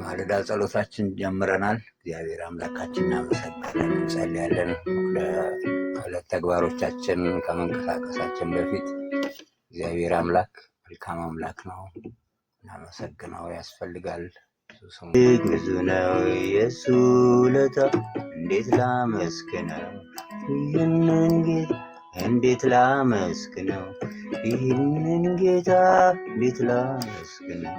ማለዳ ጸሎታችን ጀምረናል። እግዚአብሔር አምላካችን እናመሰግናለን፣ እንጸልያለን። ለዕለት ተግባሮቻችን ከመንቀሳቀሳችን በፊት እግዚአብሔር አምላክ መልካም አምላክ ነው፣ እናመሰግነው ያስፈልጋል። ብዙ ነው የሱ ውለታ፣ እንዴት ላመስግነው ይህንን ጌታ፣ እንዴት ላመስግነው ይህንን ጌታ፣ እንዴት ላመስግነው